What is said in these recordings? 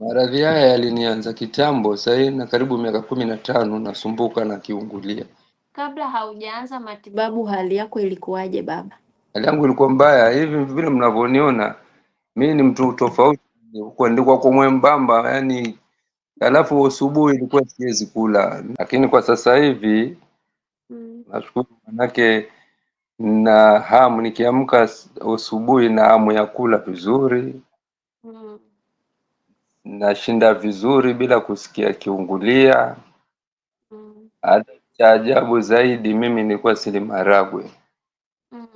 Maradhi haya yalinianza kitambo, sahii na karibu miaka kumi na tano nasumbuka na kiungulia. Kabla haujaanza matibabu, hali yako ilikuwaje baba? Hali yangu ilikuwa mbaya hivi vile mnavyoniona, mi ni mtu tofauti, kuandikwa kwa mwembamba yani. Alafu asubuhi ilikuwa siwezi kula, lakini kwa sasa hivi mm. nashukuru manake na hamu, nikiamka asubuhi na hamu ya kula vizuri nashinda vizuri bila kusikia kiungulia. mm. hata cha ajabu zaidi mimi nilikuwa sili maragwe. mm.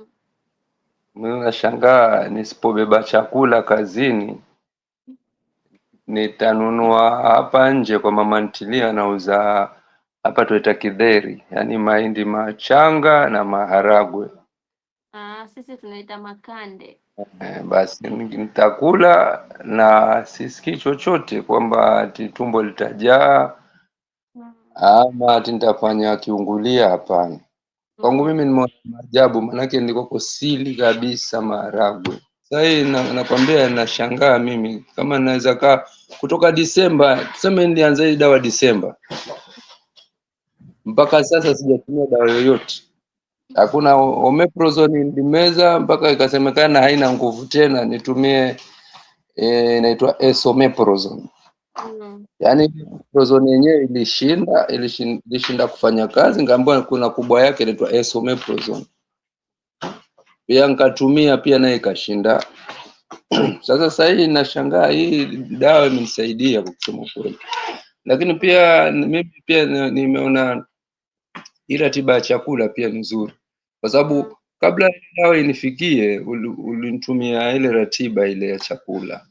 mimi nashangaa nisipobeba chakula kazini nitanunua hapa nje kwa mama ntilia, anauza hapa tuita kidheri, yaani mahindi machanga na maharagwe sisi tunaita makande. E, basi nitakula na sisikii chochote kwamba tumbo litajaa hmm. ama ama nitafanya kiungulia, hapana. Kwangu mimi nimeona maajabu, maanake nilikoko sili kabisa maharagwe. Sasa hii nakwambia, nashangaa mimi kama naweza kaa kutoka Disemba, tuseme nilianza hii dawa Disemba, mpaka sasa sijatumia dawa yoyote hakuna omeprazole limeza mpaka ikasemekana haina nguvu tena, nitumie eh, inaitwa e, esomeprazole mm. Yani prozone yenyewe ilishinda, ilishinda kufanya kazi, ngaambiwa kuna kubwa yake inaitwa esomeprazole pia nkatumia pia naye ikashinda. Sasa sasa hii nashangaa, hii dawa imenisaidia kwa kusema kweli, lakini pia mimi pia nimeona ila tiba ya chakula pia ni nzuri, kwa sababu kabla ile dawa inifikie ulinitumia ile ratiba ile ya chakula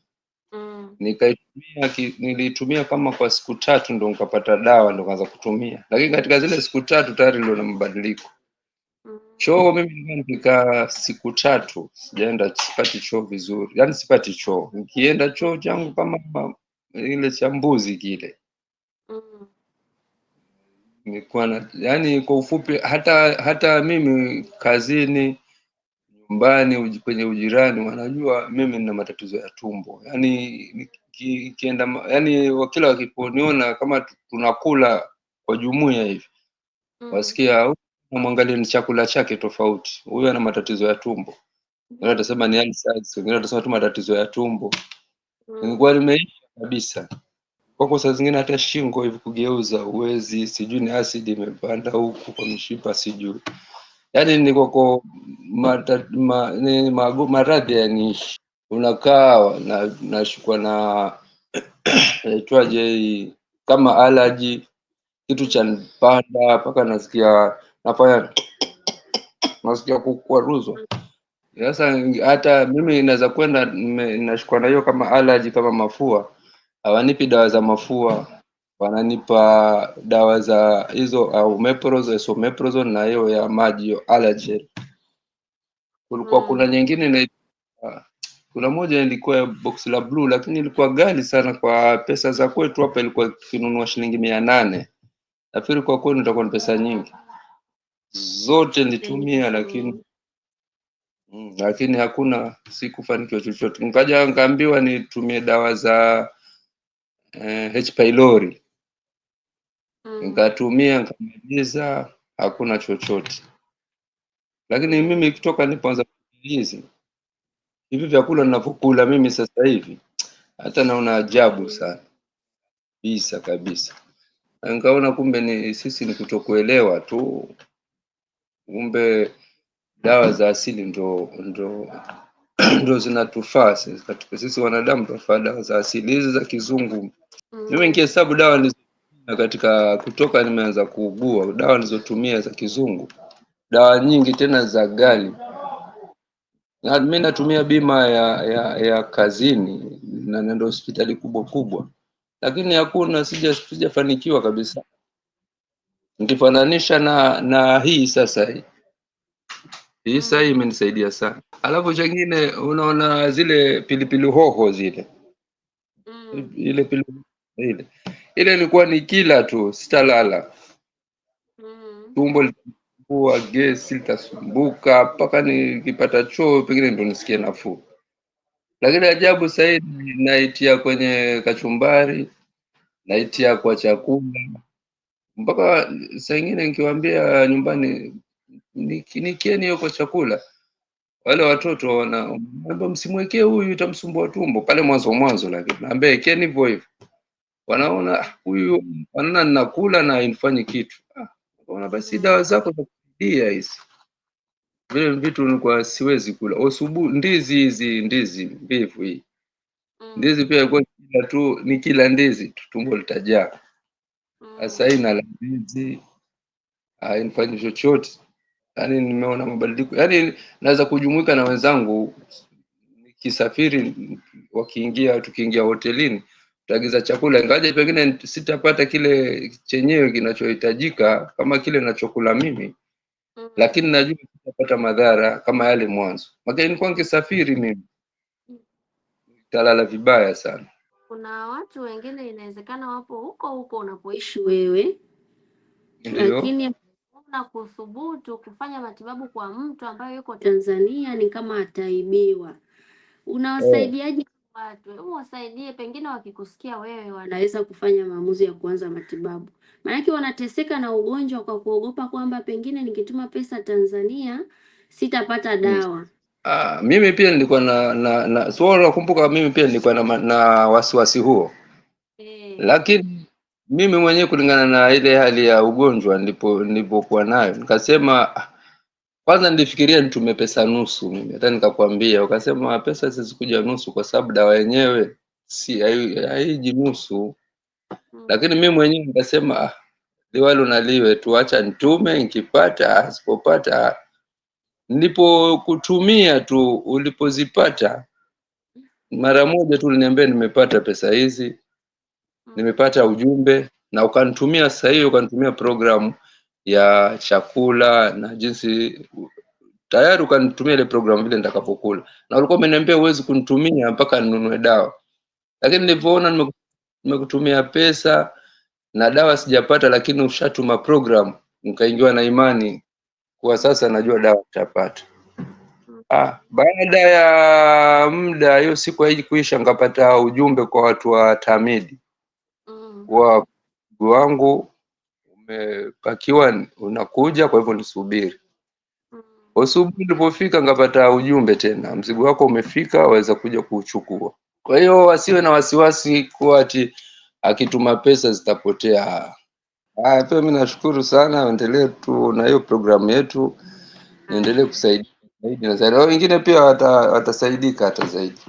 mm. Nikaitumia, nilitumia kama kwa siku tatu ndo nikapata dawa ndo kaanza kutumia, lakini katika zile siku tatu tayari na mabadiliko mm. Choo mimi nikaa siku tatu sijaenda, sipati choo vizuri, yani sipati choo, nikienda choo changu kama ile cha mbuzi kile mm nilikuwa na yani, kwa ufupi, hata hata mimi kazini, nyumbani, kwenye ujirani, wanajua mimi nina matatizo ya tumbo yani kienda yani, wakila wakiponiona kama tunakula kwa jumuiya hivi mm. wasikia mwangalie ni chakula chake tofauti, huyu ana matatizo ya tumbo wengine watasema ni ulcers, wengine watasema tu matatizo ya tumbo. Mm. Nilikuwa nimeisha kabisa kwako saa zingine hata shingo hivi kugeuza uwezi, sijui ni acid imepanda huku kwa mishipa, sijui yani ni kwako maradhi yaniishi, unakaa nashukwa na naitwaje kama alaji kitu cha panda mpaka nasikia nafanya nasikia kukwaruzwa. Sasa hata mimi inaweza kwenda nashukwa na hiyo kama alaji kama mafua hawanipi dawa za mafua, wananipa dawa za hizo uh, omeprazole, esomeprazole na hiyo ya maji hiyo Alagel. Kulikuwa mm. kuna nyingine na uh, kuna moja ilikuwa ya box la blue, lakini ilikuwa ghali sana kwa pesa za kwetu hapa, ilikuwa kinunua shilingi mia nane. Nafikiri kwa kwenu itakuwa ni pesa nyingi. Zote nilitumia lakini mm, lakini hakuna sikufanikiwa chochote. Nikaja nikaambiwa nitumie dawa za eh, H pylori mm. nikatumia nikamaliza, hakuna chochote. Lakini mimi kutoka nipoanza hizi hivi vyakula ninavyokula mimi sasa hivi, hata naona ajabu sana kabisa kabisa. Nikaona kumbe ni sisi ni kutokuelewa tu, kumbe dawa za asili ndo ndo ndo zinatufaa sisi. Katika sisi wanadamu tunafaa dawa za asili hizi za kizungu. Mm. Mimi nikihesabu dawa nilizotumia katika kutoka nimeanza kuugua, dawa nilizotumia za kizungu, dawa nyingi tena za gali Na mimi natumia bima ya ya, ya kazini na nenda hospitali kubwa kubwa, lakini hakuna, sijafanikiwa kabisa, nikifananisha na na hii sasa hii hii mm. saa imenisaidia sana. Alafu chengine unaona zile pilipili hoho zile mm. ile pilipili ile ile ilikuwa ni kila tu sitalala mm. tumbo litasumbua, gesi litasumbuka mpaka nikipata choo pengine ndo nisikie nafuu, lakini ajabu sahii naitia kwenye kachumbari, naitia kwa chakula mpaka saa ingine nikiwaambia nyumbani nikinikieni hiyo kwa chakula. Wale watoto wana naomba msimwekee huyu itamsumbua tumbo pale mwanzo mwanzo, lakini naambia ekeni hivyo hivyo. Wanaona huyu wanaona ninakula na infanyi kitu. Ah, wana basi dawa zako za kudia hizi. Vile vitu ni kwa siwezi kula. Usubuhi ndizi hizi ndizi mbivu hii. Mm. Ndizi pia kwa kila tu ni kila ndizi tumbo litajaa. Mm. Sasa hii nala ndizi hainifanyi chochote yani nimeona mabadiliko yani, naweza kujumuika na wenzangu nikisafiri, wakiingia tukiingia hotelini tutaagiza chakula, ingawaje pengine sitapata kile chenyewe kinachohitajika kama kile nachokula mimi mm. Lakini najua sitapata madhara kama yale mwanzo, maana nilikuwa mimi nitalala vibaya sana. Kuna watu wengine inawezekana wapo huko huko unapoishi wewe, lakini sasa kuthubutu kufanya matibabu kwa mtu ambaye yuko Tanzania ni kama ataibiwa. Unawasaidiaje eh. watu? Hebu wasaidie, pengine wakikusikia wewe wanaweza kufanya maamuzi ya kuanza matibabu. Maanake wanateseka na ugonjwa kwa kuogopa kwamba pengine nikituma pesa Tanzania sitapata mm. dawa. Uh, mimi pia nilikuwa na na, na swala nakumbuka mimi pia nilikuwa na, na wasiwasi huo. Eh. Lakini mimi mwenyewe kulingana na ile hali ya ugonjwa nilipo nilipokuwa nayo nikasema kwanza nilifikiria nitume pesa nusu mimi hata nikakwambia ukasema pesa kuja nusu kwa sababu dawa yenyewe si haiji nusu hmm. lakini mimi mwenyewe nikasema ah, liwalo na liwe tuacha nitume nikipata sipopata nilipokutumia tu ulipozipata mara moja tu uliniambia nimepata pesa hizi Mm. nimepata ujumbe na ukanitumia sasa hivi, ukanitumia programu ya chakula na jinsi tayari, ukanitumia ile programu vile nitakapokula na ulikuwa umeniambia huwezi kunitumia mpaka ninunue dawa, lakini nilivyoona nimekutumia pesa na dawa sijapata, lakini ushatuma program nikaingiwa na imani kuwa sasa najua dawa nitapata. Mm. Ah, baada ya muda, hiyo siku haiji kuisha, nikapata ujumbe kwa watu wa Tamidi wa mguu wangu umepakiwa unakuja, kwa hivyo nisubiri. Mm. Asubuhi nilipofika ngapata ujumbe tena, mzigo wako umefika, waweza kuja kuuchukua. Kwa hiyo wasiwe na wasiwasi kuwa ati akituma pesa zitapotea. Haya, pia mi nashukuru sana, endelee tu na hiyo programu yetu, mm. niendelee kusaidia zaidi na zaidi, wengine pia watasaidika hata zaidi.